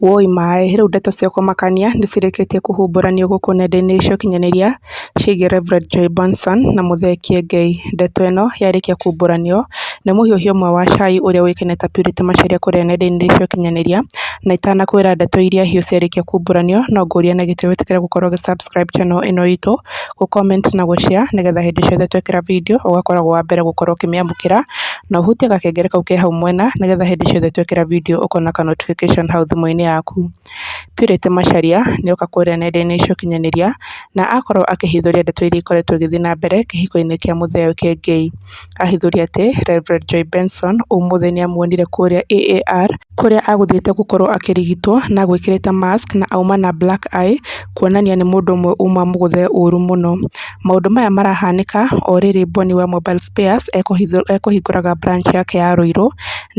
woi mae u ndeto cia kumakania nicirikitie kuhumburanio guku nenda-ini cia ukinyanĩria ciĩgiĩ Reverend Joy Benson na Muthee Kiengei. Ndeto ĩno yarĩkia kuumbũranio nĩ mũhiũhio ũmwe wa cai ũrĩa ũĩkaine ta Purity Macharia kũrĩa nenda-inĩ cia ũkinyanĩria na itana itanakwĩra ndeto iria hiũ ciarĩkia kumbũranio no ngũrie na gĩtĩo wĩtĩkĩre gũkorwo ũgĩ subscribe channel ĩno itũ, gũ comment na gũ share nĩgetha hĩndĩ ciothe twekĩra video ũgakoragwo wa mbere gũkorwo ũkĩmĩamũkĩra na ũhutie gakengere kau ke hau mwena nĩgetha hĩndĩ ciothe twekĩra video ũkona ka notification hau thimũ-inĩ yaku. Purity Macharia kũrĩa nenda-inĩ cia ũkinyanĩria na akorwo akĩhithũria ndeto iria ikoretwo igĩthiĩ na mbere kĩhiko-inĩ kĩa mũtheo Kiengei. Ahithũria atĩ Rev Joy Benson ũmũthĩ amuonire kũrĩa AAR kũrĩa agũthiĩte gũkorwo akĩrigitwo na agwĩkĩrĩte mask na auma na black eye kuonania nĩ mũndũ ũmwe uma mũgũthe ũru mũno. Maũndũ maya marahanĩka o rĩrĩ Boni wa Mobile Spares ekũhingũraga branch yake ya Ruiru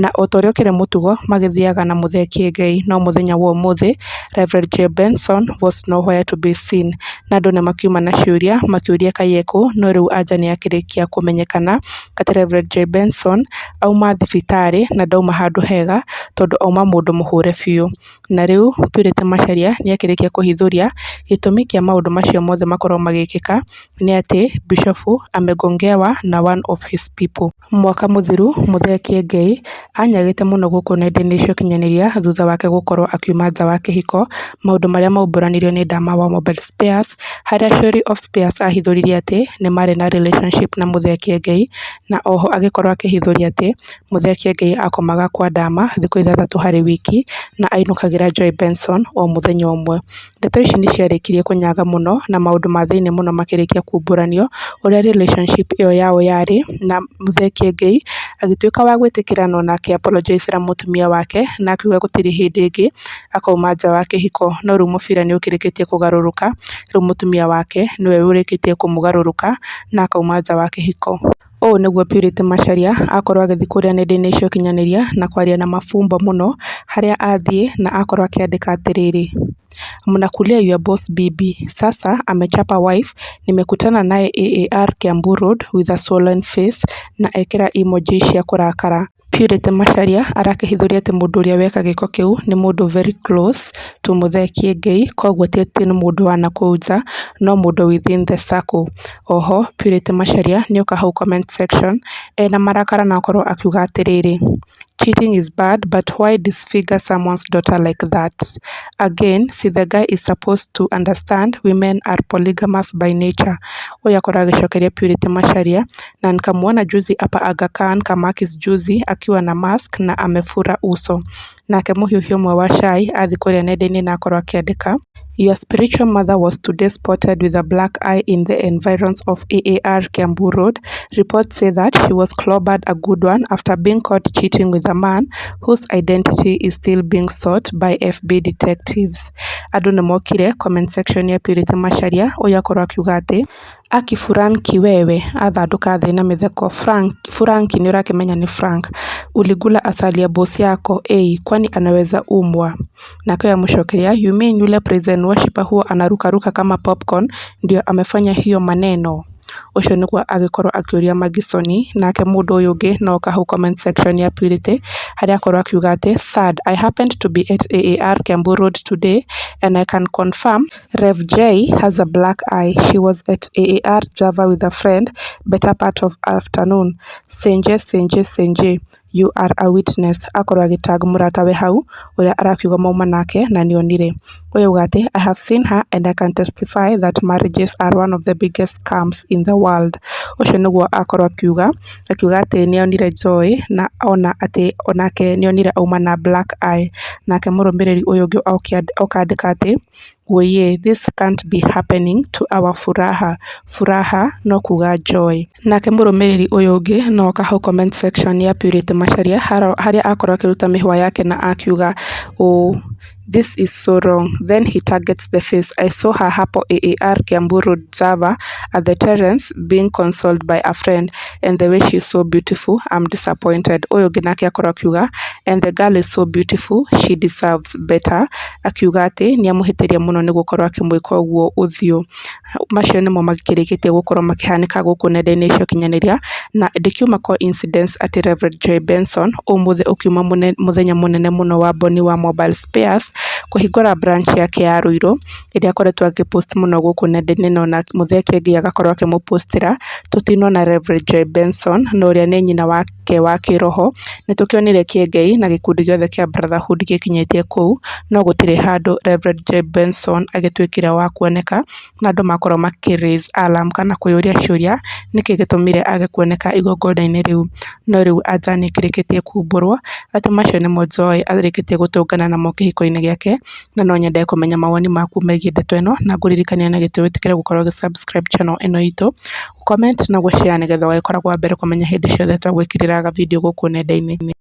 na o ta ũrĩa ũkĩrĩ mũtugo magĩthiaga na mũthee Kĩengei no mũthenya wa ũmũthĩ Rev Jay Benson was nowhere to be seen na andũ nĩ makiuma na ciũria makĩũria makiuria ekũ, no rĩu anja nĩ akĩrĩkia kũmenyekana atĩ Rev J Benson auma thibitarĩ na ndauma handũ hega tondũ auma mũndũ mũhũre biũ. Na rĩu Purity Macharia nĩ akĩrĩkia kũhithũria gĩtũmi kĩa maũndũ macio mothe makorwo magĩkĩka nĩ atĩ Bishofu amegongewa na one of his people. Mwaka mũthiru Muthee Kiengei anyagĩte mũno gũkũ nenda-inĩ cia ũkinyanĩria thutha wake gũkorwo akiuma nja wa kĩhiko, maũndũ marĩa maumbũranirio nĩ Ndama Mobile Spares harĩa Sherry of Spears aahithũririe atĩ nĩ maarĩ na relationship na Muthee Kiengei na oho agĩkorwo akĩhithũria atĩ Muthee Kiengei akomaga kwa Dama thikũ ithathatũ harĩ wiki na ainũkagĩra Joy Benson o mũthenya ũmwe. Ndeto ici nĩ ciarĩkirie kũnyaga mũno na maũndũ ma thĩinĩ mũno makĩrĩkia kuumbũranio ũrĩa relationship ĩyo yao yarĩ na Muthee Kiengei agĩtuĩka wa gwĩtĩkĩra na ona akĩ apologize na mũtumia wake na akiuga gũtirĩ hĩndĩ ĩngĩ akauma nja wa kĩhiko no rĩu mũbira nĩ ũkĩrĩkĩtie kũgarũrũka rĩu mũtumia wake nĩwe ũrĩkĩtie kũmũgarũrũka na akauma nja wa kĩhiko. Ũũ nĩguo Purity Macharia akorwo agĩthiĩ kũrĩa nenda-inĩ cia ũkinyanĩria na kwaria na mafumbo mũno, harĩa athiĩ na akorwo akĩandĩka atĩrĩrĩ, mnakulia your boss bibi sasa amechapa wife nimekutana naye AAR Kiambu road with a swollen face na ekĩra emoji cia kũrakara. Purity Macharia arakĩhithũria atĩ mũndũ ũrĩa weka gĩko kĩu nĩ mũndũ very close to Mũthee Kiengei koguo ti atĩ nĩ mũndũ wa nakũu nja no mũndũ within the circle. Oho Purity Macharia nĩoka hau comment section ena marakara na akorwo akiuga atĩrĩrĩ Cheating is bad but why disfigure someone's daughter like that? Again, see the guy is supposed to understand women are polygamous by nature. Ũyũ akorwo agĩcokeria Purity Macharia na nikamwona juzi hapa Aga Khan Kamakis juzi akiwa na mask na amefura uso. Nake Muhiuhiu ũmwe wa Shai athiĩ kũrĩa nenda-inĩ na akorwo akĩandĩka Your spiritual mother was today spotted with a black eye in the environs of AAR Kiambu Road. Reports say that she was clobbered a good one after being caught cheating with a man whose identity is still being sought by FB detectives. Andũ nĩ mokire comment section ya Purity Macharia ũrĩa akorwo akiuga atĩ Aki Frank Kiwewe athandũka thĩ na mĩtheko Frank Frank nĩ ũrakĩmenya nĩ Frank Uligula asalia bosi yako ei hey, kwani anaweza umbwa. Nakao ya mwisho Keria, you mean yule present worshiper huwa anarukaruka kama popcorn ndio amefanya hiyo maneno ucio kwa agikorwo akiuria Magisoni nake mundu uyu ungi no kahau comment section ya Purity haria akorwo akiuga ati sad I happened to be at AAR Kiambu Road today and I can confirm Rev J has a black eye she was at AAR Java with a friend better part of afternoon Senje Senje Senje You are a witness akorwo murata we hau ũrĩa arakiuga mauma nake na nionire kwa hiyo I have seen her and I can testify that marriages are one of the biggest scams in the world. Ucio niguo akorwo akiuga akiuga ati onire Joy na ona ati onake ni onire auma na black eye nake murumiriri uyu ungi okandika ati Weye, this can't be happening to our furaha furaha no kuga joy nake murumiriri uyu ungi no ka hau comment section ya Purity Macharia haria akorwo akiruta mihwa yake na akiuga u This is so wrong. Then he targets the face. I saw her hapo AAR Kiamburu Java at the Terrace being consoled by a friend and the way she's so beautiful. I'm disappointed. Uyu Ginaki akorwo akiuga and the girl is so beautiful she deserves better akiuga ati ni amuhitiria muno ni gukorwa akimwika uguo uthio macio nimo makirikitie gukorwa makihanika guku nenda-ini icio kinyaniria na ndikiuma kwa incidents ati Reverend Joy Benson umuthi ukiuma muthenya munene muno wa Boni wa mobile spares kũhingũra branch yake ya Ruiru ĩrĩa akoretwo agĩ post mũno gũkũ nenda-inĩ na ona Muthee Kiengei agakorwo akĩmũ post ĩra. Tũtinwo na Reverend Joy Benson na ũrĩa nĩ nyina wake wa kĩroho. Nĩtũkĩonire Kiengei na gĩkundi gĩothe kĩa Brotherhood gĩkinyĩtie kũu, no gũtirĩ handũ Reverend Joy Benson agĩtuĩkire wa kuoneka, na andũ makorwo makĩ raise alarm kana kwĩyũria ciũria nĩkĩĩ gĩtũmire age kuoneka igongona-inĩ rĩu no rĩu anja nĩkĩrĩkĩtie kuumbũrwo atĩ macio nĩmo njooĩ arĩkĩtie gũtũngana namo kĩhiko-inĩ gĩake na no nyende kũmenya mawoni maku megiĩ ndeto ĩno na ngũririkania na gĩtĩo wĩtĩkĩre gũkorwo ũgĩ subscribe channel ĩno itũ, comment na gũ share nĩgetha ũgagĩkoragwo wa mbere kũmenya hĩndĩ ciothe twagwĩkĩrĩra gabidiũ gũkũ nenda-inĩ.